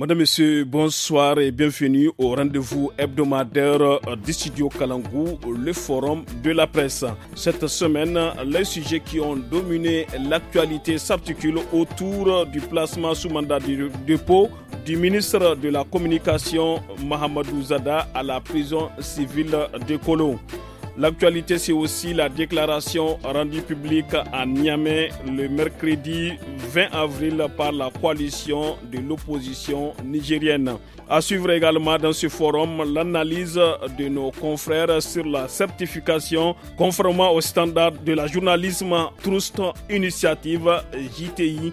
Madame, Messieurs, bonsoir et bienvenue au rendez-vous hebdomadaire du studio Kalangou, le forum de la presse. Cette semaine, les sujets qui ont dominé l'actualité s'articulent autour du placement sous mandat de dépôt du ministre de la Communication Mahamadou Zada à la prison civile de Kolo. L'actualité, c'est aussi la déclaration rendue publique à Niamey le mercredi 20 avril par la coalition de l'opposition nigérienne. À suivre également dans ce forum l'analyse de nos confrères sur la certification conformément aux standards de la journalisme Trust Initiative JTI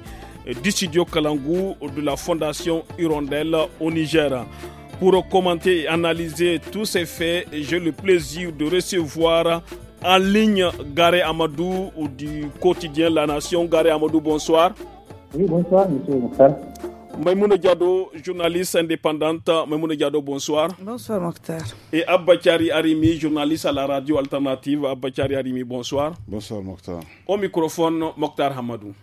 du studio Kalangou de la Fondation Hirondelle au Niger. Pour commenter et analyser tous ces faits, j'ai le plaisir de recevoir en ligne Garé Amadou du quotidien La Nation. Garé Amadou, bonsoir. Oui, bonsoir, monsieur Mokhtar. Maimouna Diado, journaliste indépendante. Maimouna Diado, bonsoir. Bonsoir, Mokhtar. Et Abbachari Arimi, journaliste à la radio alternative. Abbachari Arimi, bonsoir. Bonsoir, Mokhtar. Au microphone, Mokhtar Hamadou.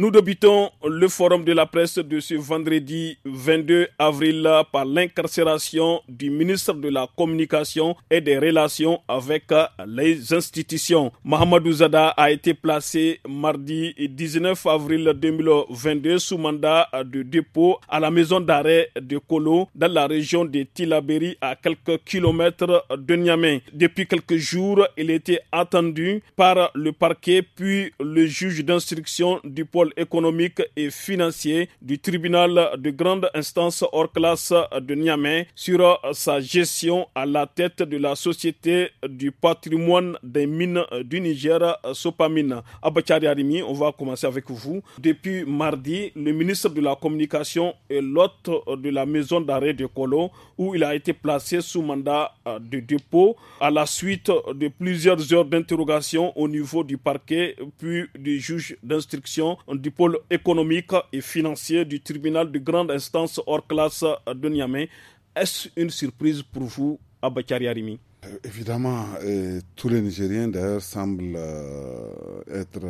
Nous débutons le forum de la presse de ce vendredi 22 avril par l'incarcération du ministre de la Communication et des Relations avec les institutions. Mohamed Zada a été placé mardi 19 avril 2022 sous mandat de dépôt à la maison d'arrêt de Kolo dans la région de Tilaberi à quelques kilomètres de Niamey. Depuis quelques jours, il était attendu par le parquet puis le juge d'instruction du pôle économique et financier du tribunal de grande instance hors classe de Niamey sur euh, sa gestion à la tête de la société du patrimoine des mines du Niger, euh, Sopamine. Abachari Arimi, on va commencer avec vous. Depuis mardi, le ministre de la Communication est l'hôte de la maison d'arrêt de Colo où il a été placé sous mandat euh, de dépôt à la suite de plusieurs heures d'interrogation au niveau du parquet puis du juge d'instruction du pôle économique et financier du tribunal de grande instance hors classe de Niamey. Est-ce une surprise pour vous, Abakari Arimi euh, Évidemment, euh, tous les Nigériens d'ailleurs semblent euh, être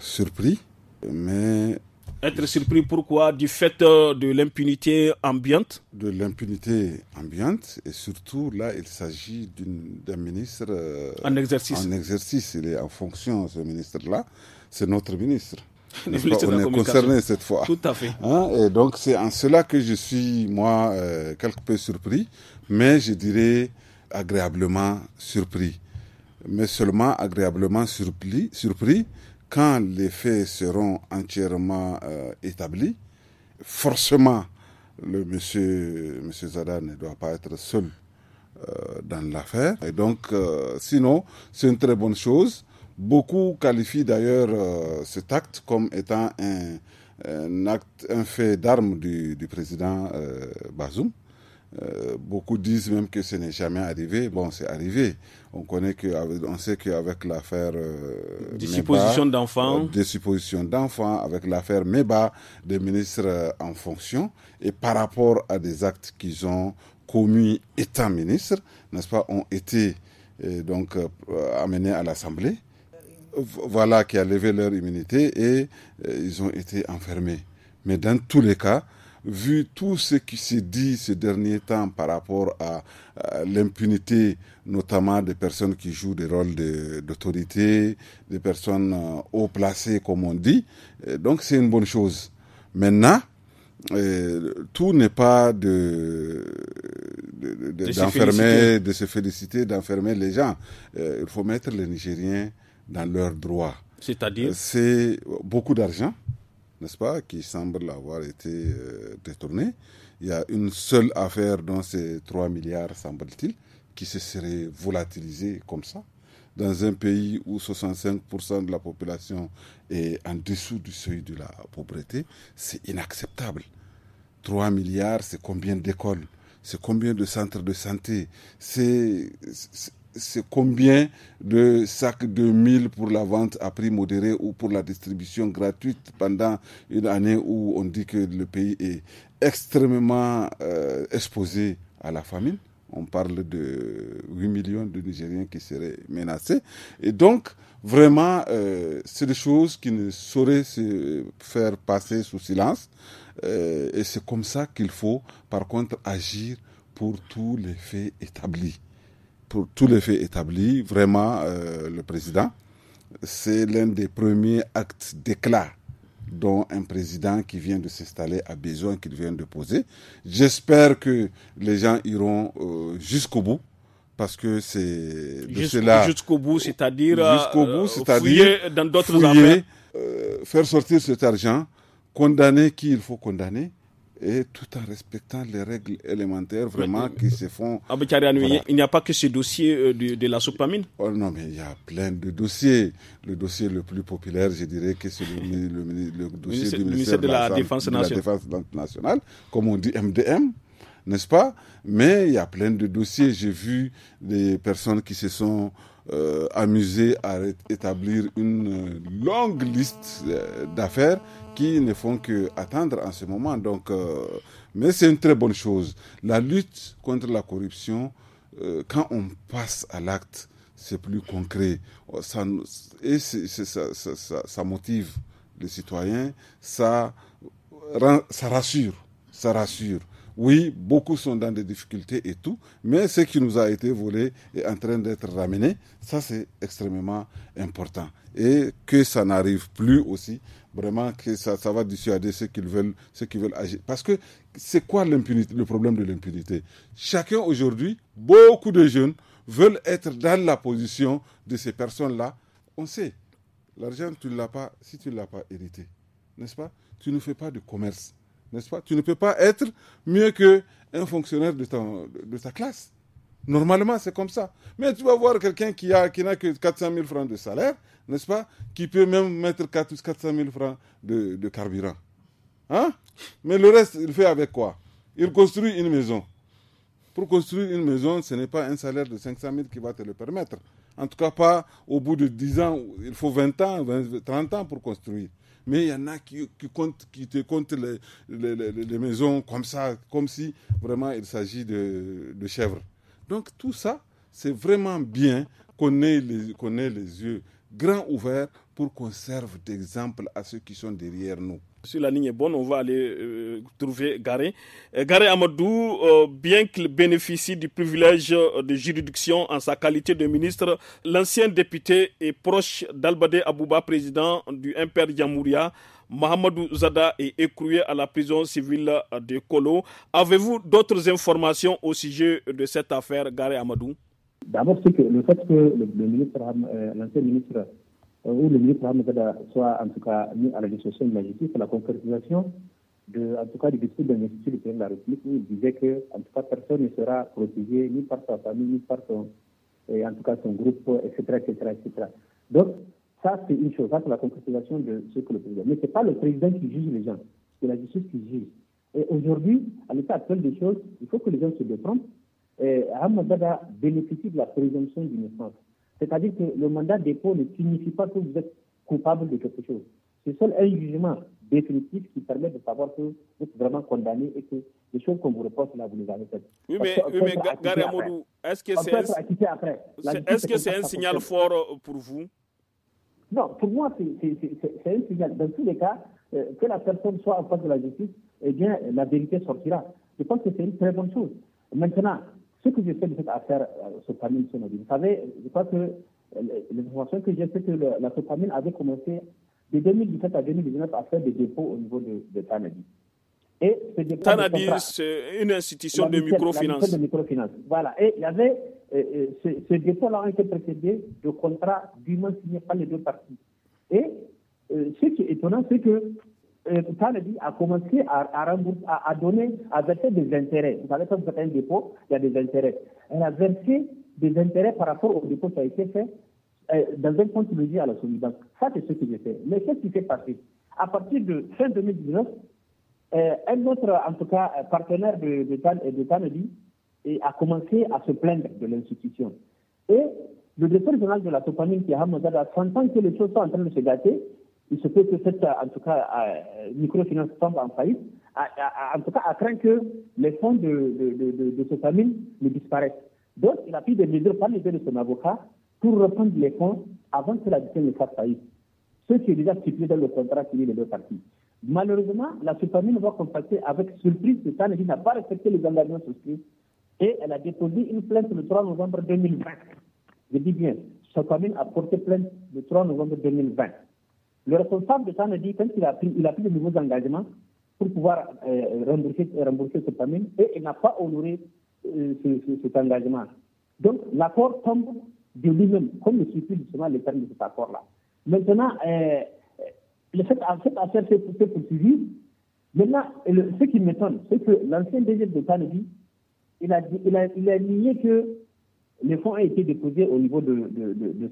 surpris, mais... Être surpris pourquoi Du fait de l'impunité ambiante De l'impunité ambiante, et surtout là, il s'agit d'un ministre... en exercice. En exercice, il est en fonction, ce ministre-là. C'est notre ministre. on est concerné cette fois. Tout à fait. Hein, et donc c'est en cela que je suis, moi, euh, quelque peu surpris, mais je dirais agréablement surpris. Mais seulement agréablement surpris, surpris quand les faits seront entièrement euh, établis. Forcément, le monsieur, monsieur Zada ne doit pas être seul euh, dans l'affaire. Et donc, sinon, c'est une très bonne chose. Beaucoup qualifient d'ailleurs euh, cet acte comme étant un, fait d'armes du, président euh, Bazoum. Euh, beaucoup disent même que ce n'est jamais arrivé. Bon, c'est arrivé. On connaît que, on sait qu'avec l'affaire des, suppositions d'enfants, des suppositions d'enfants, avec l'affaire Meba, des ministres en fonction, et par rapport à des actes qu'ils ont commis étant ministres, n'est-ce pas, ont été donc amenés à l'Assemblée voilà, qui a levé leur immunité et euh, ils ont été enfermés. Mais dans tous les cas, vu tout ce qui s'est dit ces derniers temps par rapport à, l'impunité, notamment des personnes qui jouent des rôles d'autorité, des personnes euh, haut placées, comme on dit, euh, donc c'est une bonne chose. Maintenant, tout n'est pas de d'enfermer, de, se féliciter, d'enfermer les gens. il faut mettre les Nigériens dans leurs droits. C'est-à-dire euh, C'est beaucoup d'argent, n'est-ce pas, qui semble avoir été euh, détourné. Il y a une seule affaire dans ces 3 milliards, semble-t-il, qui se serait volatilisée comme ça. Dans un pays où 65% de la population est en dessous du seuil de la pauvreté, c'est inacceptable. 3 milliards, c'est combien d'écoles C'est combien de centres de santé C'est c'est combien de sacs de mille pour la vente à prix modéré ou pour la distribution gratuite pendant une année où on dit que le pays est extrêmement euh, exposé à la famine. On parle de 8 millions de Nigériens qui seraient menacés. Et donc, vraiment, euh, c'est des choses qui ne sauraient se faire passer sous silence. Euh, et c'est comme ça qu'il faut, par contre, agir pour tous les faits établis pour tous les faits établis, vraiment, euh, le président, c'est l'un des premiers actes d'éclat dont un président qui vient de s'installer a besoin qu'il vienne de poser. J'espère que les gens iront euh, jusqu'au bout parce que c'est jusqu'au bout, c'est-à-dire jusqu'au bout, euh, c'est-à-dire dans d'autres faire sortir cet argent, condamner qui il faut condamner, et tout en respectant les règles élémentaires vraiment qui se font. Ah, mais, il n'y a pas que ce dossier euh, de, la sopamine oh, Non, mais il y a plein de dossiers. Le dossier le plus populaire, je dirais que c'est le, dossier du ministère, de, la, De la Défense nationale, comme on dit MDM n'est-ce pas Mais il y a plein de dossiers. J'ai vu des personnes qui se sont euh, amusé à établir une euh, longue liste euh, d'affaires qui ne font que attendre en ce moment. Donc, euh, mais c'est une très bonne chose. La lutte contre la corruption, quand on passe à l'acte, c'est plus concret. Oh, ça, et ça, ça, motive les citoyens, ça, ça rassure, ça rassure. Oui, beaucoup sont dans des difficultés et tout, mais ce qui nous a été volé est en train d'être ramené. Ça, c'est extrêmement important. Et que ça n'arrive plus aussi, vraiment, que ça, ça va dissuader ceux qui veulent, ceux qui veulent agir. Parce que c'est quoi l'impunité, le problème de l'impunité Chacun aujourd'hui, beaucoup de jeunes veulent être dans la position de ces personnes-là. On sait, l'argent, tu l'as pas, si tu ne l'as pas hérité, n'est-ce pas Tu ne fais pas de commerce tu ne peux pas être mieux qu'un fonctionnaire de, de ta classe. Normalement, c'est comme ça. Mais tu vas voir quelqu'un qui n'a qui que 400 000 francs de salaire, n'est-ce pas Qui peut même mettre 400 000 francs de, de carburant. Hein Mais le reste, il fait avec quoi Il construit une maison. Pour construire une maison, ce n'est pas un salaire de 500 000 qui va te le permettre. En tout cas, pas au bout de 10 ans, il faut 20 ans, 30 ans pour construire mais il y en a qui, qui te comptent les, maisons comme ça, comme si vraiment il s'agit de, chèvres. Donc tout ça, c'est vraiment bien qu'on ait les yeux grands ouverts pour qu'on serve d'exemple à ceux qui sont derrière nous. Si la ligne est bonne, on va aller euh, trouver Garé. Euh, Garé Amadou, euh, bien qu'il bénéficie du privilège de juridiction en sa qualité de ministre, l'ancien député est proche d'Albade Abouba, président du Imper Yamouria. Mohamedou Zada est écroué à la prison civile de Kolo. Avez-vous d'autres informations au sujet de cette affaire, Garé Amadou D'abord, c'est que le fait que ministre, l'ancien ministre où le ministre Ahmed soit en tout cas mis à la discussion de la justice c'est la concrétisation de, en tout cas, du discours institut du président de la République où il disait que, en tout cas, personne ne sera protégé ni par sa famille, ni par son, en tout cas, son groupe, etc., etc., etc. Donc, ça, c'est une chose, ça, c'est la concrétisation de ce que le président. Mais ce n'est pas le président qui juge les gens, c'est la justice qui juge. Et aujourd'hui, à l'état actuel des choses, il faut que les gens se défendent. Ahmed bénéficie de la présomption d'innocence. C'est-à-dire que le mandat d'épaule ne signifie pas que vous êtes coupable de quelque chose. C'est seul un jugement définitif qui permet de savoir que vous êtes vraiment condamné et que les choses qu'on vous reporte là, vous les avez faites. Oui, mais, oui, est-ce que c'est un... Est-ce que un signal fort euh, pour vous Non, pour moi, c'est un signal. Dans tous les cas, euh, que la personne soit en face de la justice, eh bien, la vérité sortira. Je pense que c'est une très bonne chose. Maintenant, ce que je sais de cette affaire euh, vous savez, je crois que euh, les que j'ai, c'est que la Sopamine avait commencé de 2017 à 2019 à faire des dépôts au niveau de, de Tanadi. c'est une institution de microfinance. Voilà. Et il y avait, euh, ce, dépôt-là a été précédé de contrats dûment signés par les deux parties. Et ce qui est étonnant, c'est que euh, dit a commencé à, donner, à verser des intérêts. Vous savez, quand vous dépôts, un dépôt, il y a des intérêts. Elle a versé des intérêts par rapport au dépôt qui a été fait euh, dans un compte logé à la solidarité. Ça, c'est ce qui j'ai fait. Mais qu'est-ce qui s'est passé À partir de fin 2019, euh, un autre, en tout cas, partenaire de, de, a commencé à se plaindre de l'institution. Et le directeur général de la compagnie, qui est Hamad à que les choses sont en train de se gâter, il se peut que cette, euh, en tout euh, microfinance tombe en faillite. en tout cas, à craindre que les fonds de, de, famille ne disparaissent. Donc, il a pris des mesures par l'aide de son avocat pour reprendre les fonds avant que la victime ne fasse faillite. Ce qui est déjà stipulé dans le contrat signé les deux parties. Malheureusement, la famille va compacter avec surprise que Tanegi n'a pas respecté les engagements souscrits et elle a déposé une plainte le 3 novembre 2020. Je dis bien, famille a porté plainte le 3 novembre 2020. Le responsable de ça me dit, qu'il a pris, de nouveaux engagements pour pouvoir euh, rembourser, ce paiement et il n'a pas honoré euh, cet engagement. Donc, l'accord tombe de lui-même, comme le suit justement les termes de cet accord-là. Maintenant, euh, le fait, cette affaire s'est poursuivie. Maintenant, ce qui m'étonne, c'est que l'ancien DG de Tanedi, il a, il, a, il nié que les fonds ont été déposés au niveau de,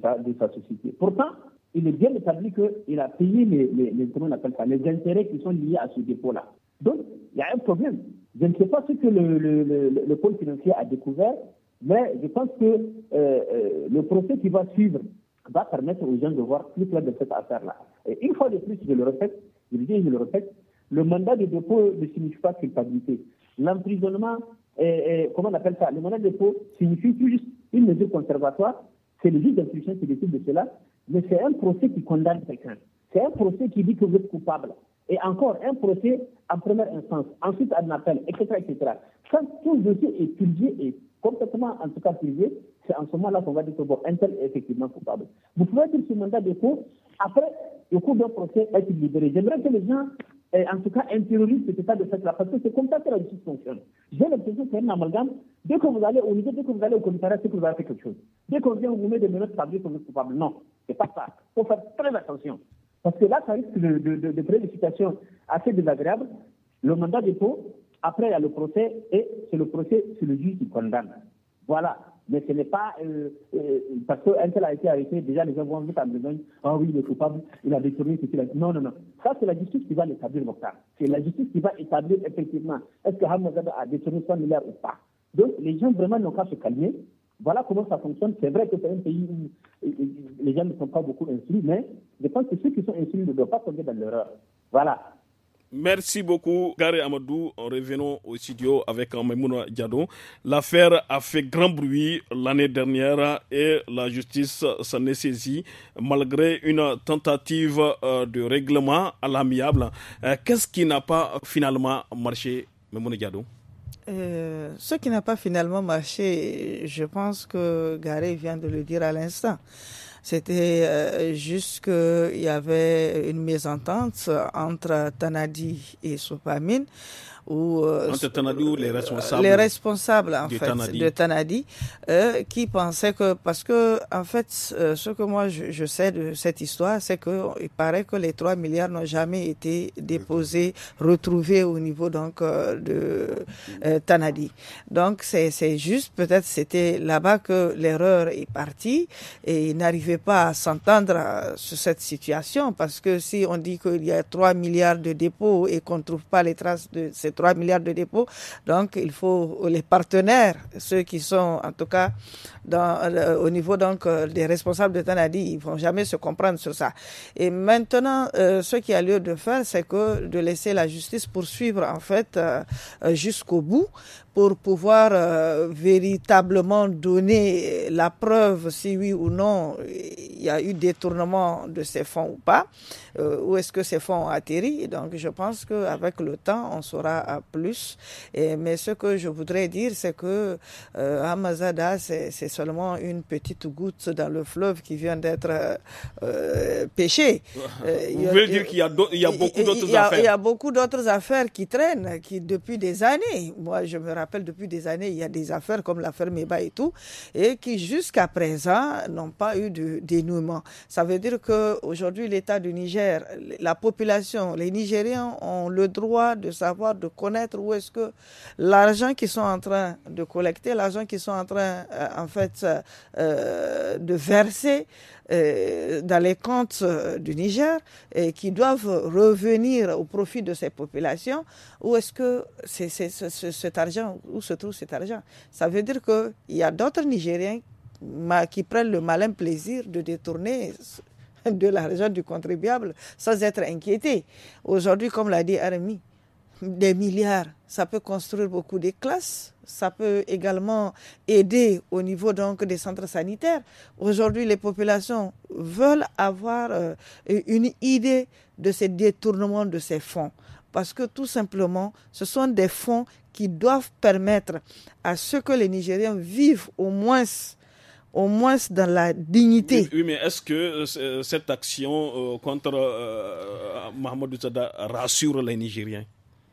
sa, société. Pourtant, il est bien établi qu'il a payé les, on appelle les intérêts qui sont liés à ce dépôt-là. Donc, il y a un problème. Je ne sais pas ce que le, pôle financier a découvert, mais je pense que euh, euh, le procès qui va suivre va permettre aux gens de voir plus clair de cette affaire-là. Et une fois de plus, je le répète, je le dis je le répète, le mandat de dépôt ne signifie pas culpabilité. L'emprisonnement, comment on appelle ça Le mandat de dépôt signifie plus juste une mesure conservatoire. C'est le juge d'instruction qui décide de cela. Mais c'est un procès qui condamne quelqu'un. C'est un procès qui dit que vous êtes coupable. Et encore, un procès en première instance, ensuite un appel, etc. etc. Quand tout dossier est publié, et complètement, en tout cas, privé, c'est en ce moment-là qu'on va dire que bon, un tel est effectivement coupable. Vous pouvez être sur mandat de cours, après, le cours d'un procès, être libéré. J'aimerais que les gens, euh, en tout cas, intériorisent cet état de fait-là, parce que c'est comme ça que la justice fonctionne. J'ai l'impression que c'est un amalgame. Dès que vous allez au niveau, dès que vous allez au commissariat, c'est que vous avez fait quelque chose. Dès qu'on vient, on vous met des menottes, par que coupable. Non. C'est pas ça. Il faut faire très attention. Parce que là, ça risque de, de, de, de créer des situations assez désagréables. Le mandat dépôt, après, il y a le procès, et c'est le procès, c'est le juge qui condamne. Voilà. Mais ce n'est pas. Euh, euh, parce qu'un tel a été arrêté, déjà les gens vont vite en besogne. Ah oui, le coupable, il a détourné ce Non, non, non. Ça, c'est la justice qui va l'établir, Mokhtar. C'est la justice qui va établir effectivement est-ce que Hamza a détourné son milliard ou pas. Donc, les gens vraiment n'ont qu'à se calmer voilà comment ça fonctionne. C'est vrai que c'est un pays où les gens ne sont pas beaucoup instruits, mais je pense que ceux qui sont instruits ne doivent pas tomber dans l'erreur. Voilà. Merci beaucoup, Gary Amadou. Revenons au studio avec euh, Maimouna Diado. L'affaire a fait grand bruit l'année dernière et la justice s'en est saisie malgré une tentative euh, de règlement à l'amiable. Euh, qu'est-ce qui n'a pas finalement marché, Maimouna Diado euh, ce qui n'a pas finalement marché, je pense que Gary vient de le dire à l'instant. C'était euh, juste qu'il y avait une mésentente entre Tanadi et Sopamine ou euh, les euh, responsables, les responsables en de fait Tanadi. de Tanadi, euh, qui pensaient que parce que en fait ce euh, que moi je, sais de cette histoire, c'est que il paraît que les 3 milliards n'ont jamais été déposés, retrouvés au niveau donc de euh, Tanadi. Donc c'est juste peut-être c'était là-bas que l'erreur est partie et ils n'arrivaient pas à s'entendre sur cette situation parce que si on dit qu'il y a 3 milliards de dépôts et qu'on ne trouve pas les traces de ces 3 milliards de dépôts. Donc, il faut les partenaires, ceux qui sont en tout cas dans, euh, au niveau donc euh, des responsables de Tanadi, ils vont jamais se comprendre sur ça. Et maintenant, euh, ce qui a lieu de faire, c'est que de laisser la justice poursuivre en fait jusqu'au bout pour pouvoir véritablement donner la preuve si oui ou non il y a eu détournement de ces fonds ou pas, où est-ce que ces fonds ont atterri. Donc je pense qu'avec le temps, on saura plus. Et, mais ce que je voudrais dire, c'est que euh, Hamazada, c'est seulement une petite goutte dans le fleuve qui vient d'être euh, euh, pêchée. Euh, Vous voulez dire qu'il y a, il y a beaucoup d'autres affaires Il y a beaucoup d'autres affaires qui traînent qui, depuis des années. Moi, je me rappelle, depuis des années, il y a des affaires comme l'affaire Meba et tout, et qui jusqu'à présent n'ont pas eu de dénouement. Ça veut dire qu'aujourd'hui, l'État du Niger, la population, les Nigériens ont le droit de savoir, de connaître où est-ce que l'argent qu'ils sont en train de collecter, l'argent qu'ils sont en train, de en euh, euh, de verser euh, dans les comptes du Niger et qui doivent revenir au profit de ces populations, où est-ce que cet argent, où se trouve cet argent Ça veut dire qu'il y a d'autres Nigériens qui prennent le malin plaisir de détourner de l'argent du contribuable sans être inquiétés. Aujourd'hui, comme l'a dit Armi, des milliards, ça peut construire beaucoup de classes, ça peut également aider au niveau donc des centres sanitaires. Aujourd'hui, les populations veulent avoir euh, une idée de ces détournement de ces fonds parce que tout simplement, ce sont des fonds qui doivent permettre à ce que les Nigériens vivent au moins au moins dans la dignité. Oui, mais est-ce que euh, euh, cette action contre Mahmoud rassure les Nigériens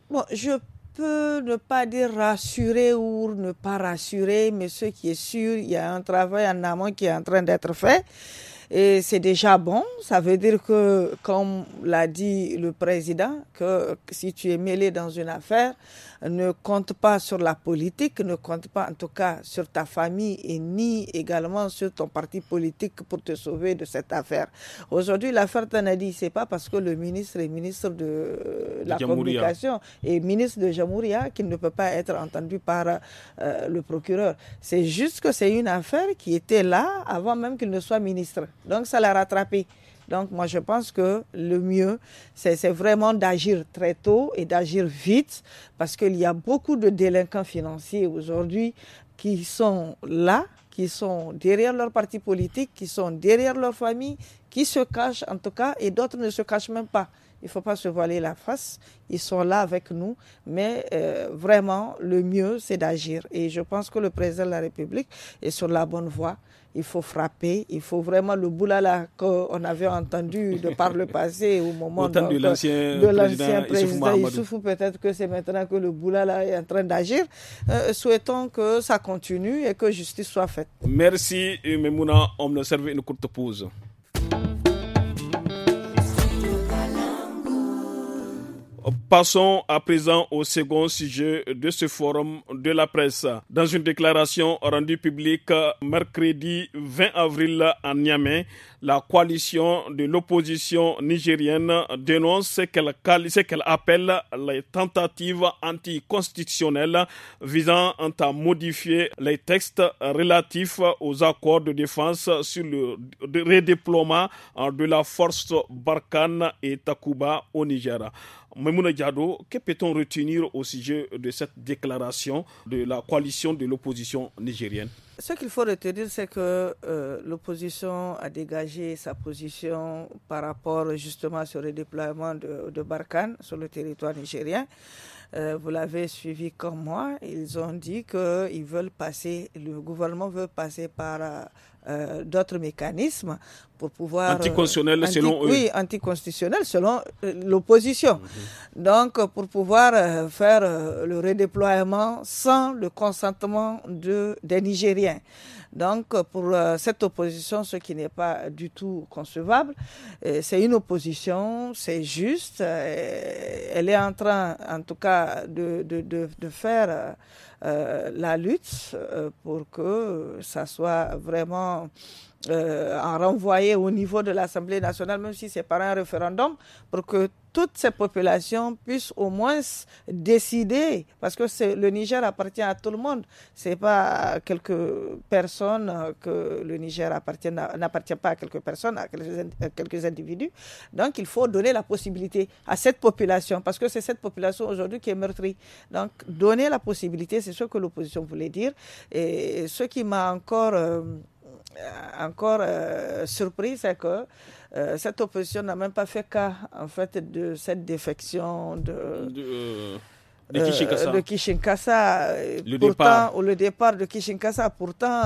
Bon, je peux ne pas dire rassurer ou ne pas rassurer, mais ce qui est sûr, il y a un travail en amont qui est en train d'être fait. Et c'est déjà bon. Ça veut dire que, comme l'a dit le président, que si tu es mêlé dans une affaire, ne compte pas sur la politique, ne compte pas en tout cas sur ta famille et ni également sur ton parti politique pour te sauver de cette affaire. Aujourd'hui, l'affaire Tanadi, c'est pas parce que le ministre est ministre de euh, la communication et ministre de Jamouria qu'il ne peut pas être entendu par euh, le procureur. C'est juste que c'est une affaire qui était là avant même qu'il ne soit ministre. Donc, ça l'a rattrapé. Donc, moi, je pense que le mieux, c'est vraiment d'agir très tôt et d'agir vite, parce qu'il y a beaucoup de délinquants financiers aujourd'hui qui sont là, qui sont derrière leur parti politique, qui sont derrière leur famille, qui se cachent en tout cas, et d'autres ne se cachent même pas. Il ne faut pas se voiler la face. Ils sont là avec nous. Mais euh, vraiment, le mieux, c'est d'agir. Et je pense que le président de la République est sur la bonne voie. Il faut frapper. Il faut vraiment le boulala qu'on avait entendu de par le passé au moment euh, de, l'ancien président, Il souffre Peut-être que c'est maintenant que le boulala est en train d'agir. Euh, souhaitons que ça continue et que justice soit faite. Merci, Memouna. On me servait une courte pause. Passons à présent au second sujet de ce forum de la presse. Dans une déclaration rendue publique mercredi 20 avril à Niamey, la coalition de l'opposition nigérienne dénonce ce qu'elle appelle les tentatives anticonstitutionnelles visant à modifier les textes relatifs aux accords de défense sur le redéploiement de la force Barkhane et Takuba au Niger. Memouna Diado, que peut-on retenir au sujet de cette déclaration de la coalition de l'opposition nigérienne Ce qu'il faut retenir, c'est que euh, l'opposition a dégagé sa position par rapport justement sur le déploiement de, de Barkhane sur le territoire nigérien. Euh, vous l'avez suivi comme moi, ils ont dit ils veulent passer, le gouvernement veut passer par euh, d'autres mécanismes pour pouvoir... Anticonstitutionnel euh, selon eux. Oui, anticonstitutionnel selon l'opposition. Mhm. Donc, pour pouvoir faire le redéploiement sans le consentement de, des Nigériens. Donc, pour euh, cette opposition, ce qui n'est pas du tout concevable, euh, c'est une opposition, c'est juste. Euh, elle est en train, en tout cas, de, faire la lutte pour que ça soit vraiment renvoyé au niveau de l'Assemblée nationale, même si c'est par un référendum, pour que toutes ces populations puissent au moins décider, parce que le Niger appartient à tout le monde. C'est pas à quelques personnes que le Niger appartient n'appartient pas à quelques personnes, à quelques, individus. Donc il faut donner la possibilité à cette population, parce que c'est cette population aujourd'hui qui est meurtrie. Donc donner la possibilité, c'est ce que l'opposition voulait dire. Et ce qui m'a encore euh, encore euh, surpris, c'est que euh, cette opposition n'a même pas fait cas, en fait, de cette défection de... de... Euh, euh, Kishinkasa. Le départ. Ou le départ de Kishinkasa. Pourtant,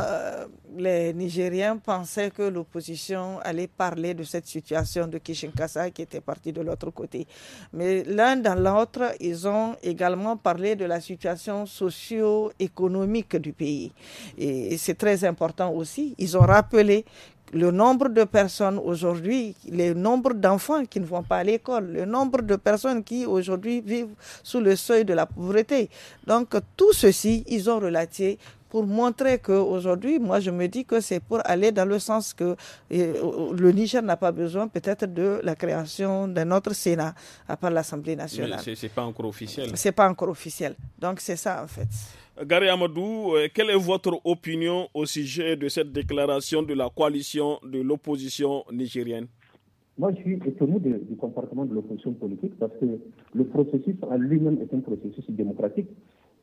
les Nigériens pensaient que l'opposition allait parler de cette situation de Kishinkasa qui était partie de l'autre côté. Mais l'un dans l'autre, ils ont également parlé de la situation socio-économique du pays. Et c'est très important aussi. Ils ont rappelé le nombre de personnes aujourd'hui, le nombre d'enfants qui ne vont pas à l'école, le nombre de personnes qui aujourd'hui vivent sous le seuil de la pauvreté. Donc tout ceci, ils ont relaté pour montrer qu'aujourd'hui, moi, je me dis que c'est pour aller dans le sens que euh, le Niger n'a pas besoin peut-être de la création d'un autre Sénat à part l'Assemblée nationale. Mais c'est pas encore officiel. C'est pas encore officiel. Donc c'est ça en fait. Gary Amadou, euh, quelle est votre opinion au sujet de cette déclaration de la coalition de l'opposition nigérienne Moi, je suis étonné du comportement de l'opposition politique parce que le processus en lui-même est un processus démocratique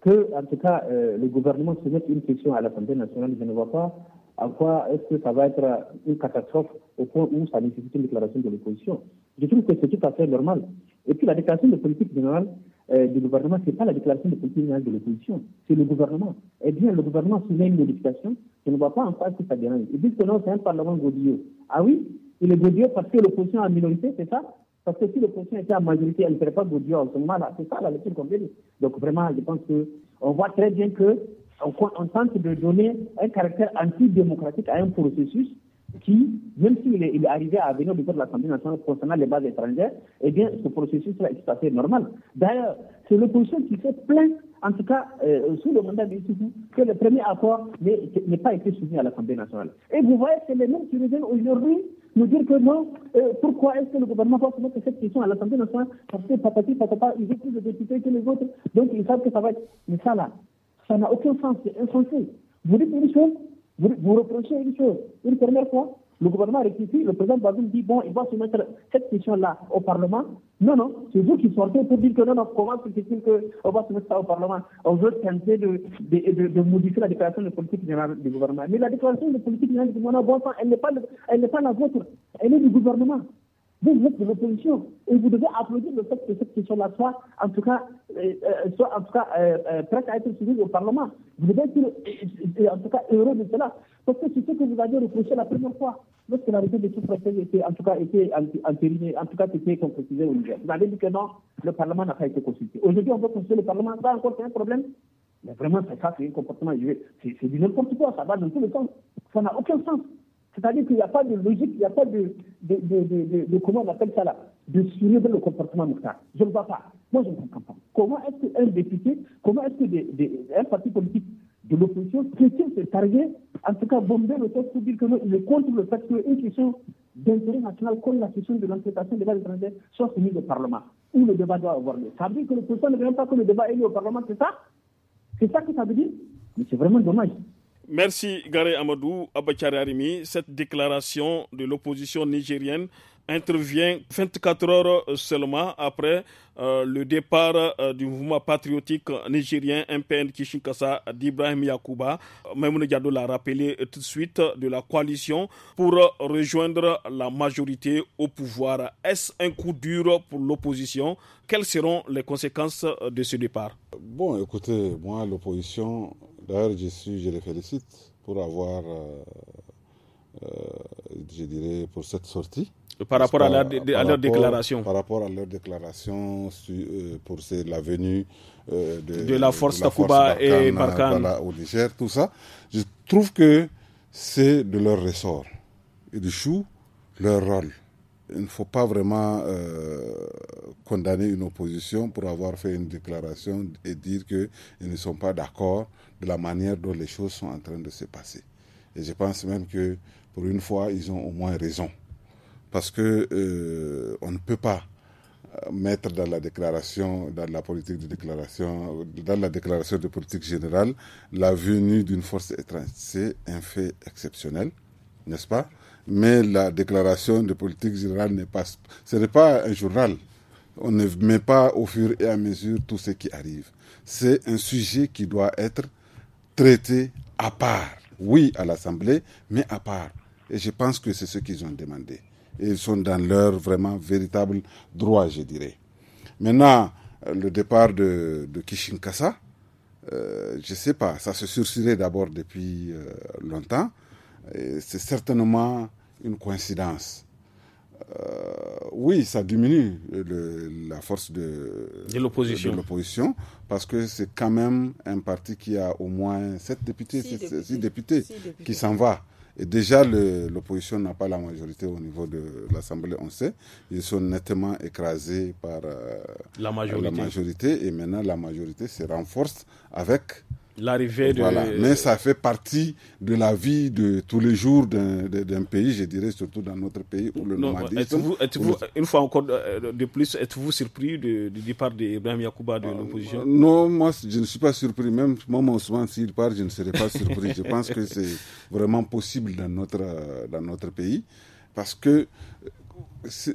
que, en tout cas, euh, le gouvernement se mette une question à l'Assemblée nationale, je ne vois pas en quoi est-ce que ça va être une catastrophe au point où ça nécessite une déclaration de l'opposition. Je trouve que c'est tout à fait normal. Et puis la déclaration de politique générale euh, du gouvernement, ce n'est pas la déclaration de politique générale de l'opposition, c'est le gouvernement. Eh bien, le gouvernement soumet une modification, je ne vois pas en quoi que ça dérange. Ils disent que non, c'est un parlement gaudieux. Ah oui, il est gaudieux parce que l'opposition a minorité, c'est ça parce que si l'opposition était en majorité, elle ne serait pas gourdue en ce moment-là. C'est ça la lecture qu'on veut. Donc vraiment, je pense qu'on voit très bien que tente de donner un caractère antidémocratique à un processus qui, même s'il est, il est arrivé à venir du de l'Assemblée nationale concernant les bases étrangères, eh bien, ce processus-là est tout à fait normal. D'ailleurs, c'est le l'opposition qui fait plainte en tout cas, euh, sous le mandat de Soufou, que le premier accord n'ait pas été soumis à l'Assemblée nationale. Et vous voyez, c'est les mêmes qui reviennent aujourd'hui nous dire que non, euh, pourquoi est-ce que le gouvernement va se mettre cette question à l'Assemblée nationale Parce que Papati, patata, ils ont plus de députés que les autres, donc ils savent que ça va être. Mais ça là, ça n'a aucun sens, c'est insensé. Vous dites une chose, vous, vous reprochez une chose. Une première fois, le gouvernement rectifie, le président Bazoum dit bon, il va soumettre cette question-là au Parlement. Non, non, c'est vous qui sortez pour dire que non, non, comment se fait-il qu'on va soumettre ça au Parlement On veut tenter de, modifier la déclaration de politique générale du gouvernement. Mais la déclaration de politique générale du gouvernement, bon elle n'est pas, pas la vôtre, elle est du gouvernement. Vous, vous êtes de l'opposition et vous devez applaudir le fait que cette question-là soit, en tout cas, euh, euh, soit en tout cas euh, prête à être soumise au Parlement. Vous devez être, en tout cas, heureux de cela. Parce que c'est ce que vous avez reproché la première fois, lorsque l'arrivée de tout français était, en tout cas, était en tout cas, comme concrétisée au niveau. Vous avez dit que non, le Parlement n'a pas été consulté. Aujourd'hui, on veut consulter le Parlement, ça encore, c'est un problème. Mais vraiment, c'est ça, c'est un comportement, c'est du n'importe quoi, ça va dans tous les sens. Ça n'a aucun sens. C'est-à-dire qu'il n'y a pas de logique, il n'y a pas de, de, de, de, comment on appelle ça là, de suivre le comportement ça. Je ne vois pas. Moi, je ne comprends pas. Comment est-ce qu'un député, comment est-ce qu'un parti politique de l'opposition chrétienne s'est targuée. en tout cas bomber le texte pour dire que il est contre le fait qu'une question d'intérêt national comme la question de l'interprétation des valeurs étrangères soit soumise au Parlement, où le débat doit avoir lieu. Ça veut dire que l'opposition ne veut même pas que le débat ait lieu au Parlement, c'est ça C'est ça que ça veut dire Mais c'est vraiment dommage. Merci Gare Amadou Abakari Arimi. Cette déclaration de l'opposition nigérienne intervient 24 heures seulement après euh, le départ euh, du mouvement patriotique nigérien MPN Kishinkasa d'Ibrahim Yakuba. même Diado l'a rappelé tout de suite de la coalition pour rejoindre la majorité au pouvoir. Est-ce un coup dur pour l'opposition Quelles seront les conséquences de ce départ Bon, écoutez, moi, l'opposition, d'ailleurs, je, suis, je les félicite pour avoir. Euh, euh, je dirais, pour cette sortie. Par rapport à, leur, déclaration Par rapport à leur déclaration euh, pour la venue euh, de, la force Takuba et Barkhane. au Niger, tout ça. Je trouve que c'est de leur ressort. Et du chou, leur rôle. Il ne faut pas vraiment condamner une opposition pour avoir fait une déclaration et dire qu'ils ne sont pas d'accord de la manière dont les choses sont en train de se passer. Et je pense même que pour une fois, ils ont au moins raison. Parce que euh, on ne peut pas euh, mettre dans la déclaration, dans la politique de déclaration, dans la déclaration de politique générale, la venue d'une force étrangère. C'est un fait exceptionnel, n'est-ce pas Mais la déclaration de politique générale n'est pas, ce n'est pas un journal. On ne met pas au fur et à mesure tout ce qui arrive. C'est un sujet qui doit être traité à part oui à l'Assemblée, mais à part. Et je pense que c'est ce qu'ils ont demandé. Et ils sont dans leur vraiment véritable droit, je dirais. Maintenant, euh, le départ de, de Kishinkasa, euh, je ne sais pas, ça se sursirait d'abord depuis euh, longtemps. C'est certainement une coïncidence. oui, ça diminue la force de, l'opposition parce que c'est quand même un parti qui a au moins sept députés, 6 députés. qui s'en va. Et déjà, l'opposition n'a pas la majorité au niveau de l'Assemblée, on sait. Ils sont nettement écrasés par euh, la, la, majorité. Et maintenant, la majorité se renforce avec l'arrivée de... mais ça fait partie de la vie de tous les jours d'un pays, je dirais, surtout dans notre pays où le non, Une fois encore euh, de plus, êtes-vous surpris du départ d'Ibrahim Yacouba de ah, l'opposition Non, moi, je ne suis pas surpris. Même moi, souvent, s'il part, je ne serai pas surpris. je pense que c'est vraiment possible dans notre, dans notre pays parce que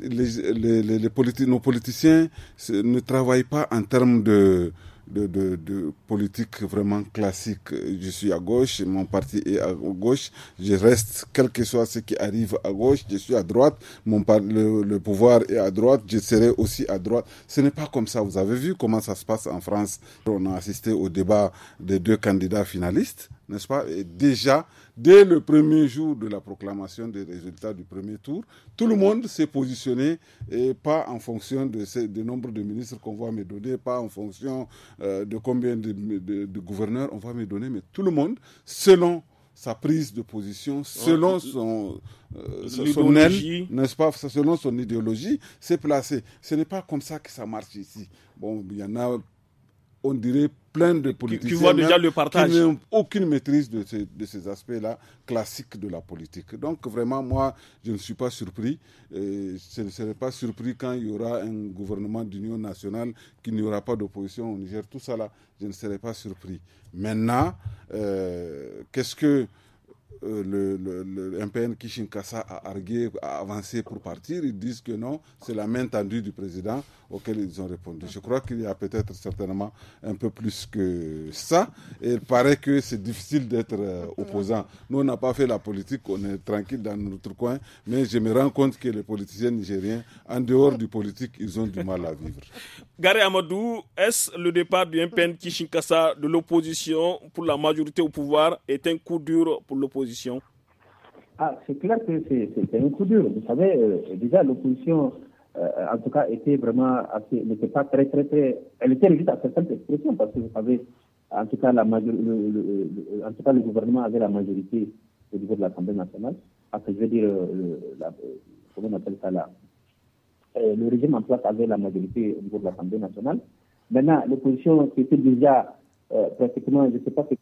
les, les, les, nos politiciens ne travaillent pas en termes de de, de, politique vraiment classique. Je suis à gauche, mon parti est à gauche, je reste, quel que soit ce qui arrive à gauche, je suis à droite, mon le, le, pouvoir est à droite, je serai aussi à droite. Ce n'est pas comme ça. Vous avez vu comment ça se passe en France. On a assisté au débat des deux candidats finalistes n'est-ce pas Et déjà, dès le premier jour de la proclamation des résultats du premier tour, tout le monde s'est positionné, et pas en fonction de ces, du nombre de ministres qu'on va me donner, pas en fonction euh, de combien de, gouverneurs on va me donner, mais tout le monde, selon sa prise de position, selon son, euh, son n'est-ce pas, selon son idéologie, s'est placé. Ce n'est pas comme ça que ça marche ici. Bon, il y en a on dirait, plein de politiciens qui n'ont aucune maîtrise de, ces, aspects-là classiques de la politique. Donc vraiment, moi, je ne suis pas surpris. Euh, je ne serais pas surpris quand il y aura un gouvernement d'union nationale, qu'il n'y aura pas d'opposition au Niger. Tout ça là, je ne serai pas surpris. Maintenant, euh, qu'est-ce que euh, le, le, MPN Kishinkasa a argué, a avancé pour partir, ils disent que non, c'est la main tendue du président auxquels ils ont répondu. Je crois qu'il y a peut-être certainement un peu plus que ça. il paraît que c'est difficile d'être euh, opposant. Nous, on n'a pas fait la politique, on est tranquille dans notre coin, mais je me rends compte que les politiciens nigériens, en dehors du politique, ils ont du mal à vivre. Gary Amadou, est-ce le départ du MPN Kishinkasa de l'opposition pour la majorité au pouvoir est un coup dur pour l'opposition ah, c'est clair que c'est un coup dur. Vous savez, euh, déjà, l'opposition euh, en tout cas, était vraiment assez, n'était pas très, très, très. Elle était réduite à certaines expressions parce que vous savez, en tout cas, la le, en cas, le gouvernement avait la majorité au niveau de l'Assemblée nationale. Après, je veux dire, euh, comment on appelle ça là euh, Le régime en place avait la majorité au niveau de l'Assemblée nationale. Maintenant, l'opposition qui était déjà pratiquement, je ne sais pas ce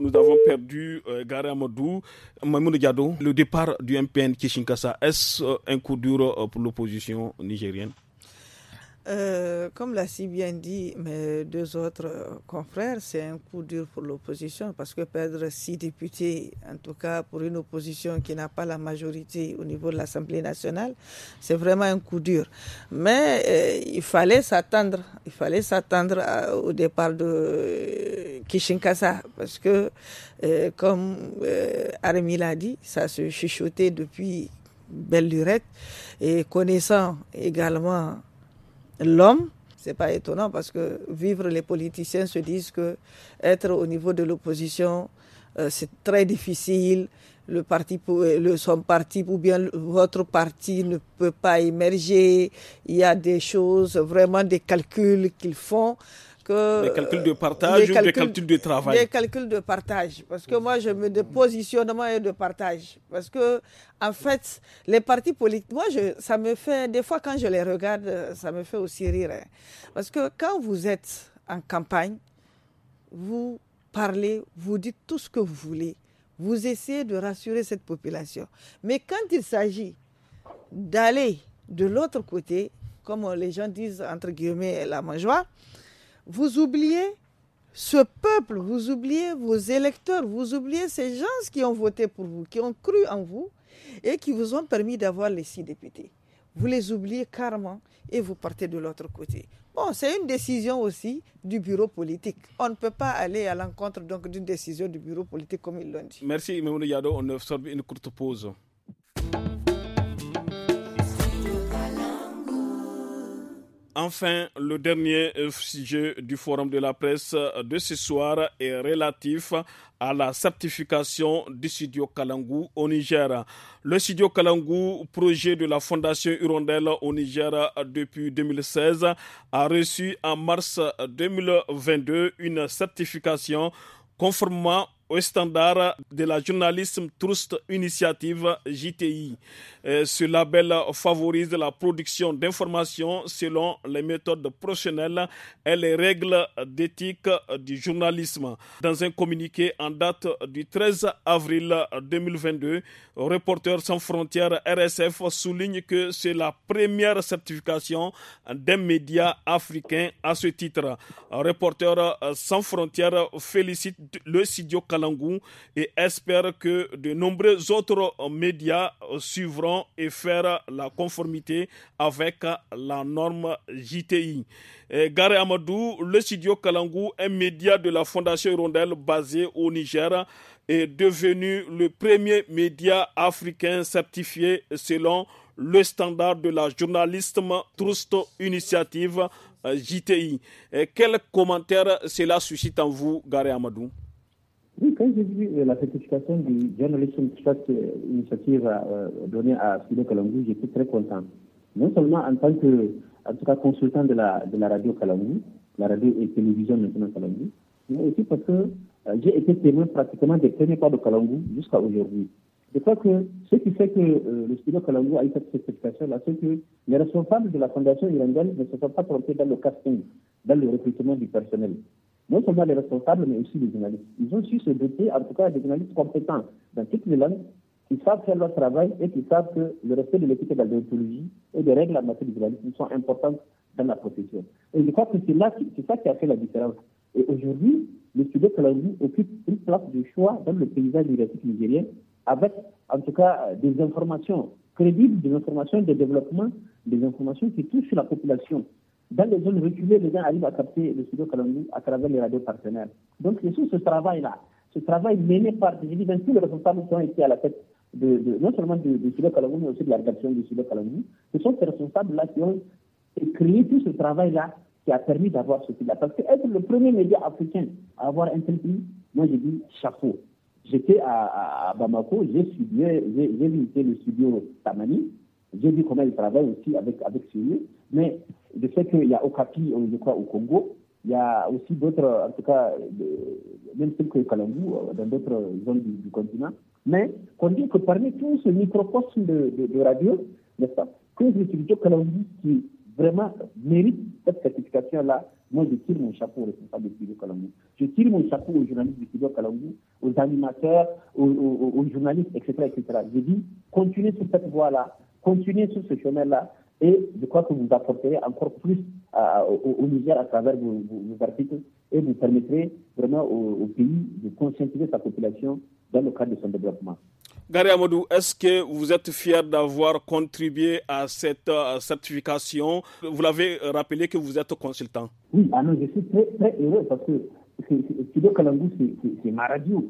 nous avons perdu euh, Gare Amadou, Mamoun Diado. Le départ du MPN Kishinkasa, est-ce euh, un coup dur euh, pour l'opposition nigérienne euh, comme l'a si bien dit mes deux autres euh, confrères, c'est un coup dur pour l'opposition parce que perdre six députés, en tout cas pour une opposition qui n'a pas la majorité au niveau de l'Assemblée nationale, c'est vraiment un coup dur. Mais euh, il fallait s'attendre, il fallait s'attendre au départ de euh, Kishinkasa parce que, comme Armi l'a dit, ça se chuchotait depuis belle lurette et connaissant également l'homme, c'est pas étonnant parce que vivre les politiciens se disent que être au niveau de l'opposition, euh, c'est très difficile. Le parti, euh, le, son parti ou bien votre parti ne peut pas émerger. Il y a des choses, vraiment des calculs qu'ils font des calculs de euh, partage des ou calculs, des calculs de travail Des calculs de partage. Parce que moi, je me de positionnement et de partage. Parce que, en fait, les partis politiques, moi, je, ça me fait, des fois, quand je les regarde, ça me fait aussi rire. Hein. Parce que quand vous êtes en campagne, vous parlez, vous dites tout ce que vous voulez. Vous essayez de rassurer cette population. Mais quand il s'agit d'aller de l'autre côté, comme les gens disent, entre guillemets, la mangeoire, vous oubliez ce peuple, vous oubliez vos électeurs, vous oubliez ces gens qui ont voté pour vous, qui ont cru en vous et qui vous ont permis d'avoir les six députés. Vous les oubliez carrément et vous partez de l'autre côté. Bon, c'est une décision aussi du bureau politique. On ne peut pas aller à l'encontre donc d'une décision du bureau politique comme ils l'ont dit. Merci, Mme Yado. On une courte pause. Enfin, le dernier euh, sujet du forum de la presse euh, de ce soir est relatif à la certification du studio Kalangou au Niger. Le studio Kalangou, projet de la Fondation Hirondelle au Niger euh, depuis 2016, a reçu en mars 2022 une certification conformément au standard de la journalisme Trust Initiative JTI. Euh, ce label favorise la production d'informations selon les méthodes professionnelles et les règles d'éthique du journalisme. Dans un communiqué en date du 13 avril 2022, Reporters sans frontières RSF souligne que c'est la première certification d'un média africain à ce titre. Reporters sans frontières félicite le studio et espère que de nombreux autres médias suivront et feront la conformité avec la norme JTI. Garé Amadou, le studio Kalangou, un média de la Fondation Rondelle basé au Niger, est devenu le premier média africain certifié selon le standard de la journalisme Trust Initiative euh, JTI. Quels quel commentaire cela suscite en vous, Gare Amadou oui, quand j'ai vu la certification du Journalism Trust Initiative donnée à Studio Kalangou, j'étais très content. Non seulement en tant que, en tout cas, consultant de la, de la radio Kalangou, la radio et télévision maintenant Kalangou, mais aussi parce que euh, j'ai été témoin pratiquement des premiers pas de Kalangou jusqu'à aujourd'hui. Je crois que ce qui fait que euh, le studio Kalangou a eu cette certification-là, c'est que les responsables de la Fondation iranienne ne se sont pas trompés dans le casting, dans le recrutement du personnel non seulement les responsables, mais aussi les journalistes. Ils ont su se doter, en tout cas, des journalistes compétents dans toutes les langues, qui savent faire leur travail et qui savent que le respect de l'éthique de la déontologie et des règles en matière de journalisme sont importantes dans la profession. Et je crois que c'est là, c'est ça qui a fait la différence. Et aujourd'hui, le studio occupe une place de choix dans le paysage médiatique nigérien avec, en tout cas, des informations crédibles, des informations de développement, des informations qui touchent la population dans les zones reculées, les gens arrivent à capter le studio à travers les radios partenaires. Donc, c'est sur ce travail-là, ce travail mené par, je dis, tous les responsables qui ont été à la tête de, non seulement du, studio Calamity, mais aussi de la rédaction du studio Calamity, ce sont ces responsables-là qui ont créé tout ce travail-là qui a permis d'avoir ce fil là Parce que être le premier média africain à avoir un tel moi j'ai dit chapeau. J'étais à, Bamako, j'ai visité le studio Tamani, j'ai vu comment ils travaillent aussi avec, avec lieu, mais de fait qu'il y a Okapi, on le au Congo. Il y a aussi d'autres, en tout cas, même ceux que Kalangu, euh, dans d'autres zones du, continent. Mais qu'on dit que parmi tout ce microcosme de, de, radio, n'est-ce pas, que Kalangu qui vraiment mérite cette certification-là, moi je tire mon chapeau aux responsables de Studio Kalangu. Je tire mon chapeau aux journalistes de Studio Kalangu, aux animateurs, aux, aux journalistes, etc., etc. Je dis, continuez sur cette voie-là, continuez sur ce chemin-là, et je crois que vous apporterez encore plus euh, aux au, Niger à travers vos, articles et vous permettrez vraiment au, pays de conscientiser sa population dans le cadre de son développement. Gary Amadou, est-ce que vous êtes fier d'avoir contribué à cette euh, certification Vous l'avez rappelé que vous êtes consultant. Oui, ah non, je suis très, très heureux parce que Studio Kalambou c'est ma radio.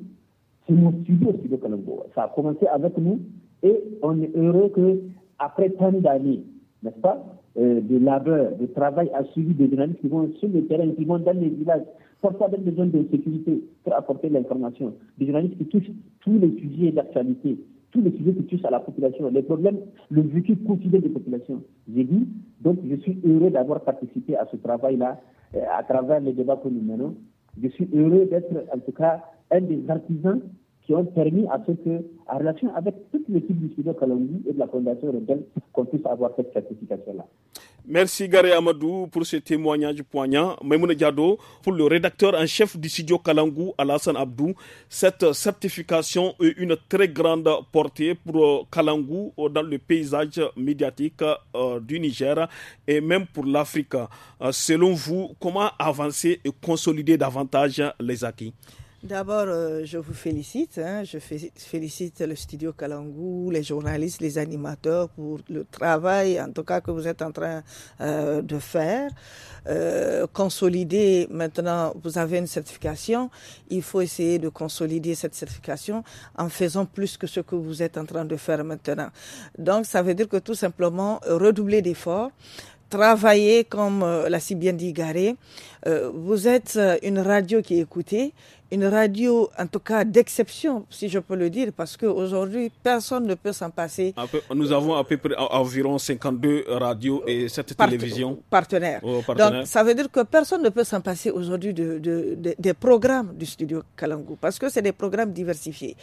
C'est mon studio, Studio Kalambou. Ça a commencé avec nous et on est heureux que après tant d'années, n'est-ce pas, euh, de labeur, de travail suivi des journalistes qui vont sur le terrain, qui vont dans les villages, parfois dans les zones de sécurité pour apporter l'information, des journalistes qui touchent tous les sujets d'actualité, tous les sujets qui touchent à la population, les problèmes, le vécu quotidien des populations. J'ai dit, donc je suis heureux d'avoir participé à ce travail-là, euh, à travers les débats que nous menons. Je suis heureux d'être en tout cas un des artisans qui ont permis à ce que, en relation avec toute l'équipe du studio Kalangou et de la Fondation Rebelle, qu'on puisse avoir cette certification-là. Merci Gary Amadou pour ce témoignage poignant. Maimouna Diado, pour le rédacteur en chef du studio Kalangou, Alassane Abdou, cette certification est une très grande portée pour euh, Kalangou euh, dans le paysage médiatique euh, du Niger et même pour l'Afrique. Selon vous, comment avancer et consolider davantage les acquis D'abord, euh, je vous félicite. Hein, je félicite le studio Kalangou, les journalistes, les animateurs pour le travail, en tout cas, que vous êtes en train euh, de faire. Euh, consolider, maintenant, vous avez une certification. Il faut essayer de consolider cette certification en faisant plus que ce que vous êtes en train de faire maintenant. Donc, ça veut dire que tout simplement, redoubler d'efforts travailler comme euh, l'a si bien dit Garé. Euh, vous êtes une radio qui est écoutée, une radio, en tout cas d'exception, si je peux le dire, parce qu'aujourd'hui, personne ne peut s'en passer. nous avons à peu près environ 52 radios et 7 télévisions. Partenaires. Oh, Donc, ça veut dire que personne ne peut s'en passer aujourd'hui de, des programmes du studio Kalangu, parce que c'est des programmes diversifiés.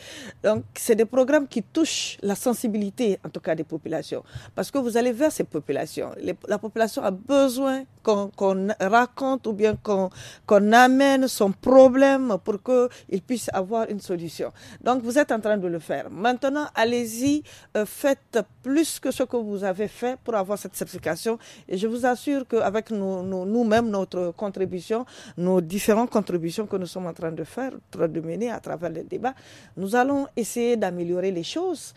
Donc, c'est des programmes qui touchent la sensibilité, en tout cas, des populations, parce que vous allez vers ces populations. la population a besoin qu'on raconte ou bien qu'on amène son problème pour que qu'ils puissent avoir une solution. Donc vous êtes en train de le faire. Maintenant, allez-y, euh, faites plus que ce que vous avez fait pour avoir cette certification. Et je vous assure qu'avec nous-mêmes, nous, notre contribution, nos différentes contributions que nous sommes en train de faire, de mener à travers le débat, nous allons essayer d'améliorer les choses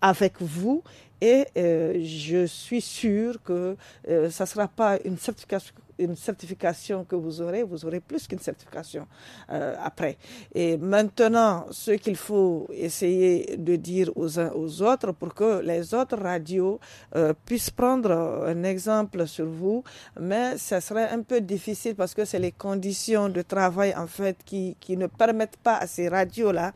avec vous et euh, je suis sûre que ce euh, ça ne sera pas une certification une certification que vous aurez, vous aurez plus qu'une certification euh, après. Et maintenant, ce qu'il faut essayer de dire aux uns aux autres pour que les autres radios euh, puissent prendre un exemple sur vous, mais ce serait un peu difficile parce que c'est les conditions de travail en fait qui, qui ne permettent pas à ces radios-là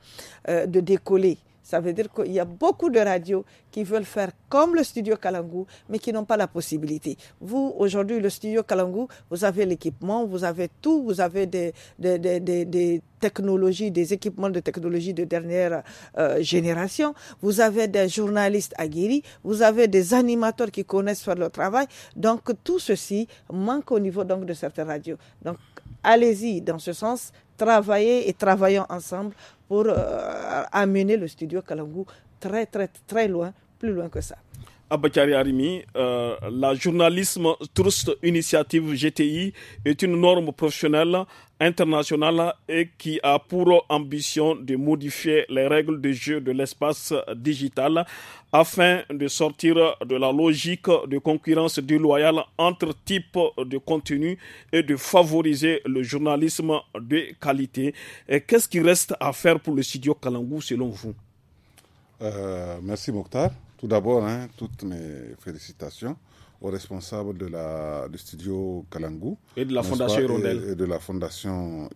de décoller. Ça veut dire qu'il y a beaucoup de radios qui veulent faire comme le studio Kalangu, mais qui n'ont pas la possibilité. Vous, aujourd'hui, le studio Kalangu, vous avez l'équipement, vous avez tout, vous avez des, des, technologies, des équipements de technologie de dernière euh, génération, vous avez des journalistes aguerris, vous avez des animateurs qui connaissent faire leur travail. Donc, tout ceci manque au niveau donc, de certaines radios. Donc, allez-y dans ce sens, travailler et travaillons ensemble pour euh, amener le studio Kalangu très, très, très loin, plus loin que ça. Abakari Arimi, euh, la journalisme Trust Initiative GTI est une norme professionnelle internationale et qui a pour ambition de modifier les règles de jeu de l'espace digital afin de sortir de la logique de concurrence déloyale entre types de contenu et de favoriser le journalisme de qualité. Qu'est-ce qui reste à faire pour le studio Kalangu selon vous euh, Merci Mokhtar. Tout d'abord, hein, toutes mes félicitations aux responsables de la, du studio Kalangou. Et de la Fondation Hirondelle. de la Fondation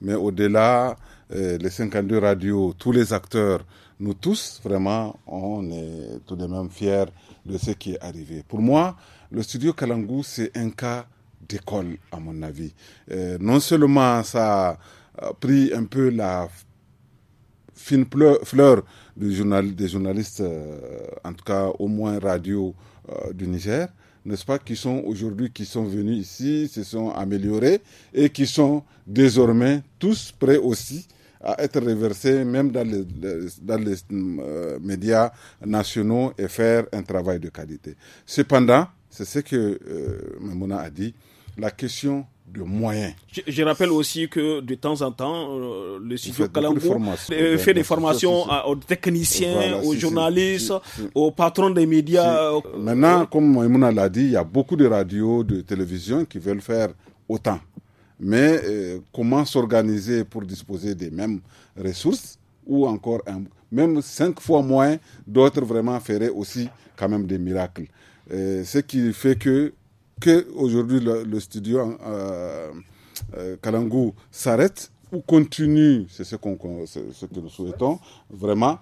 Mais au-delà, euh, les 52 radios, tous les acteurs, nous tous, vraiment, on est tout de même fiers de ce qui est arrivé. Pour moi, le studio Kalangou, c'est un cas d'école, à mon avis. Euh, non seulement ça a pris un peu la fine fleur journal, des journalistes, euh, en tout cas au moins radio euh, du Niger, n'est-ce pas, qui sont aujourd'hui, qui sont venus ici, se sont améliorés et qui sont désormais tous prêts aussi à être reversés même dans les, dans les euh, médias nationaux et faire un travail de qualité. Cependant, c'est ce que Mamouna a dit, la question de moyens. Je, rappelle aussi que de temps en temps, euh, le studio euh, fait des formations aux techniciens, aux journalistes, aux patrons des médias. Euh, Maintenant, comme Moïmouna l'a dit, il y a beaucoup de radios, de télévisions qui veulent faire autant. Mais comment s'organiser pour disposer des mêmes ressources ou encore un, même cinq fois moins, d'autres vraiment feraient aussi quand même des miracles. ce qui fait que que aujourd'hui le, studio euh, euh Kalangu s'arrête ou continue, c'est ce, ce, que nous souhaitons vraiment.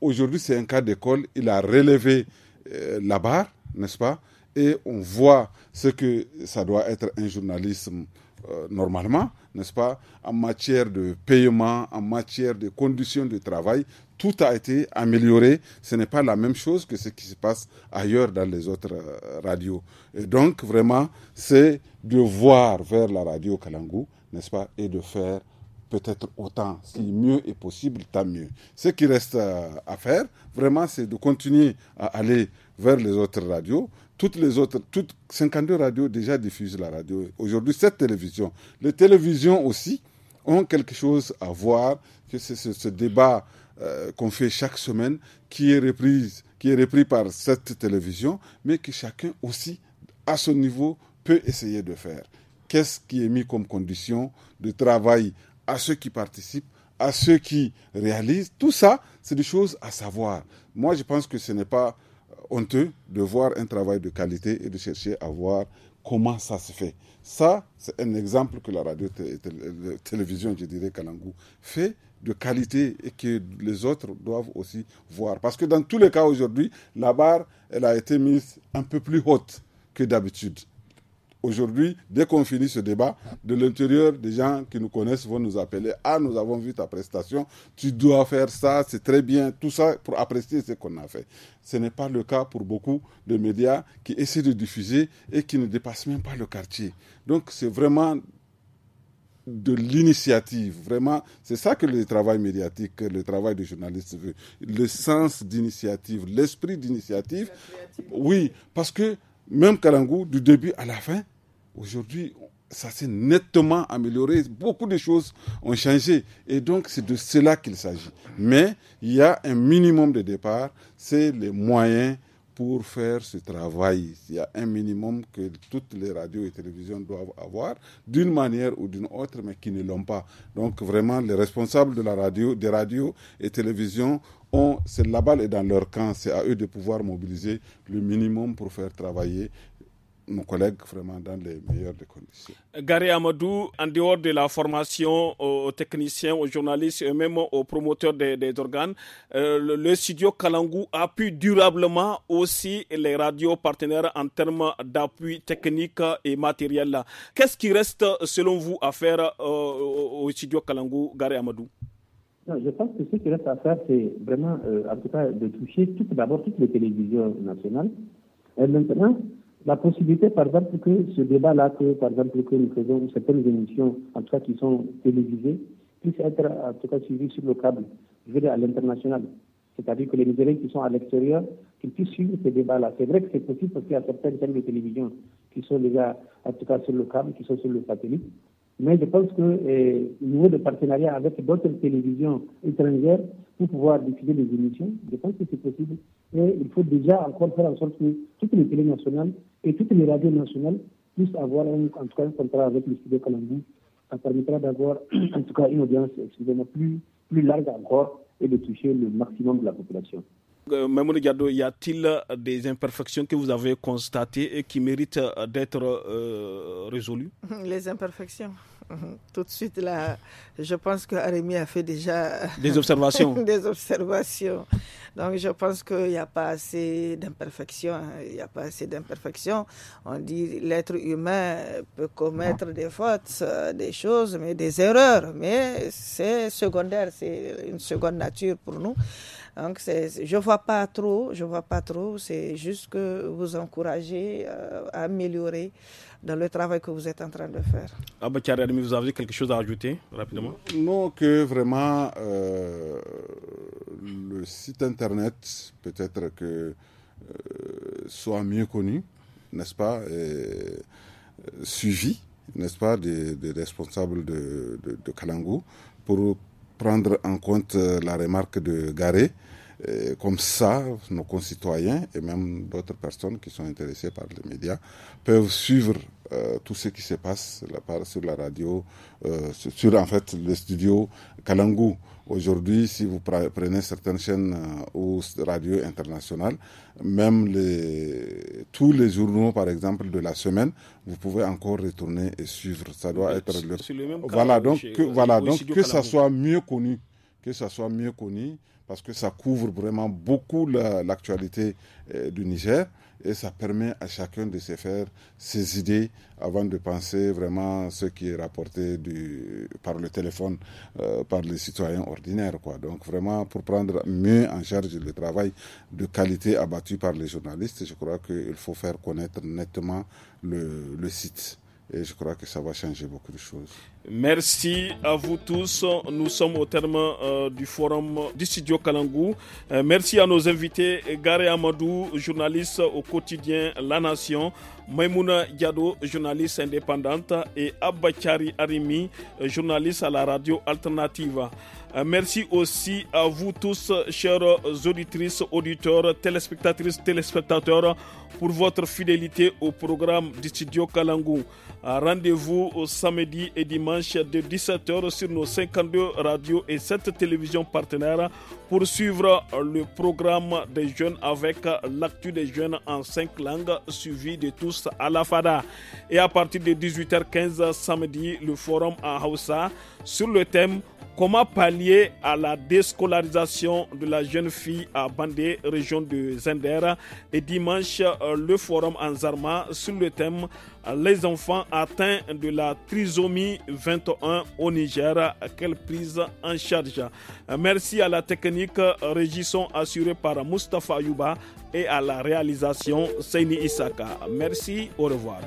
Aujourd'hui, c'est un cas d'école. Il a relevé euh, la barre, n'est-ce pas Et on voit ce que ça doit être un journalisme euh, normalement, n'est-ce pas, en matière de paiement, en matière de conditions de travail, tout a été amélioré. Ce n'est pas la même chose que ce qui se passe ailleurs dans les autres euh, radios. Et donc, vraiment, c'est de voir vers la radio Kalangu, n'est-ce pas, et de faire peut-être autant. Si mieux est possible, tant mieux. Ce qui reste euh, à faire, vraiment, c'est de continuer à aller vers les autres radios. Toutes les autres, toutes 52 radios déjà diffusent la radio. Aujourd'hui, cette télévision. Les télévisions aussi ont quelque chose à voir, que c'est ce, débat euh, qu'on fait chaque semaine, qui est qui est repris par cette télévision, mais que chacun aussi, à son niveau, peut essayer de faire. Qu'est-ce qui est mis comme condition de travail à ceux qui participent, à ceux qui réalisent. Tout ça, c'est des choses à savoir. Moi, je pense que ce n'est pas euh, honteux de voir un travail de qualité et de chercher à voir comment ça se fait. Ça, c'est un exemple que la radio et la télévision, je dirais, Kalangou, fait de qualité et que les autres doivent aussi voir. Parce que dans tous les cas aujourd'hui, la barre, elle a été mise un peu plus haute que d'habitude. Aujourd'hui, dès qu'on finit ce débat, de l'intérieur, des gens qui nous connaissent vont nous appeler. Ah, nous avons vu ta prestation, tu dois faire ça, c'est très bien, tout ça pour apprécier ce qu'on a fait. Ce n'est pas le cas pour beaucoup de médias qui essaient de diffuser et qui ne dépassent même pas le quartier. Donc, c'est vraiment de l'initiative. Vraiment, c'est ça que le travail médiatique, le travail de journalistes veut. Le sens d'initiative, l'esprit d'initiative. Oui, parce que même Kalangou, du début à la fin, Aujourd'hui, ça s'est nettement amélioré. Beaucoup de choses ont changé. Et donc, c'est de cela qu'il s'agit. Mais il y a un minimum de départ, c'est les moyens pour faire ce travail. Il y a un minimum que toutes les radios et télévisions doivent avoir, d'une manière ou d'une autre, mais qui ne l'ont pas. Donc vraiment, les responsables de la radio, des radios et télévisions ont, c'est la balle est dans leur camp, c'est à eux de pouvoir mobiliser le minimum pour faire travailler nos collègues vraiment dans les meilleures conditions. Gary Amadou, en dehors de la formation aux techniciens, aux journalistes et même aux promoteurs des, organes, euh, le, studio studio Kalangou appuie durablement aussi les radios partenaires en termes d'appui technique et matériel. Qu'est-ce qui reste selon vous à faire euh, au studio Kalangu, Gary Amadou je pense que ce qui reste à faire, c'est vraiment, euh, en tout cas, de toucher tout d'abord toutes les télévisions nationales. Et maintenant, la possibilité, par exemple, que ce débat-là, que par exemple, que nous faisons certaines émissions, en tout cas qui sont télévisées, puissent être en tout cas suivies sur le câble, je veux dire à l'international. C'est-à-dire que les Nigériens qui sont à l'extérieur, qu'ils puissent suivre ce débat là C'est vrai que c'est possible parce qu'il y a certaines chaînes de télévision qui sont déjà, en tout cas sur le câble, qui sont sur le satellite, mais je pense que eh, au niveau de partenariat avec d'autres télévisions étrangères pour pouvoir diffuser les émissions, je pense que c'est possible. Et il faut déjà encore faire en sorte que toutes les télé nationales et toutes les radios nationales puissent avoir un, en contrat avec le studio Colombie. Ça permettra d'avoir en tout cas une audience plus, plus large encore et de toucher le maximum de la population. Euh, Mamoun y a-t-il euh, des imperfections que vous avez constatées et qui méritent euh, d'être résolues Les imperfections. Mhm. Tout de suite, là, je pense que Arémi a fait déjà des observations. des observations. Donc, je pense qu'il n'y a pas assez d'imperfections. Il hein. n'y a pas assez d'imperfections. On dit l'être humain peut commettre des fautes, des choses, mais des erreurs. Mais c'est secondaire, c'est une seconde nature pour nous. Donc, je ne vois pas trop, je vois pas trop. C'est juste que vous encouragez euh, à améliorer dans le travail que vous êtes en train de faire. Abba ah, vous avez quelque chose à ajouter rapidement Non, que vraiment euh, le site internet peut-être que euh, soit mieux connu, n'est-ce pas, suivi, n'est-ce pas, des, responsables de, de, de Kalangu pour prendre en compte euh, la remarque de Garé. Euh, comme ça, nos concitoyens et même d'autres personnes qui sont intéressées par les médias peuvent suivre euh, tout ce qui se passe sur la radio, sur en fait le studio Kalangu. Aujourd'hui, si vous prenez certaines chaînes euh, ou radios internationales, même tous les journaux, par exemple, de la semaine, vous pouvez encore retourner et suivre. Ça doit être voilà, donc, que, voilà, donc que ça soit mieux connu, que ça soit mieux connu, parce que ça couvre vraiment beaucoup l'actualité euh, du Niger et ça permet à chacun de se faire ses idées avant de penser vraiment ce qui est rapporté du, par le téléphone euh, par les citoyens ordinaires. Donc vraiment pour prendre mieux en charge le travail de qualité abattu par les journalistes, je crois qu'il faut faire connaître nettement le, le site. Et je crois que ça va changer beaucoup de choses. Merci à vous tous. Nous sommes au terme euh, du forum du studio Kalangou. Euh, merci à nos invités Gare Amadou, journaliste au quotidien La Nation, Maimouna Diado, journaliste indépendante, et Abachari Arimi, journaliste à la radio alternative. Euh, merci aussi à vous tous, chers auditrices, auditeurs, téléspectatrices, téléspectateurs, pour votre fidélité au programme du studio Kalangou. Rendez-vous samedi et dimanche de 17h sur nos 52 radios et 7 télévisions partenaires pour suivre le programme des jeunes avec l'actu des jeunes en 5 langues suivi de tous à la FADA. Et à partir de 18h15 samedi, le forum à Hausa sur le thème Comment pallier à la déscolarisation de la jeune fille à Bandé, région de Zender Et dimanche, euh, le forum en Zarma sur le thème euh, Les enfants atteints de la trisomie 21 au Niger, quelle prise en charge euh, Merci à la technique régisson assurée par Mustafa Yuba et à la réalisation Seini Isaka. Merci, au revoir.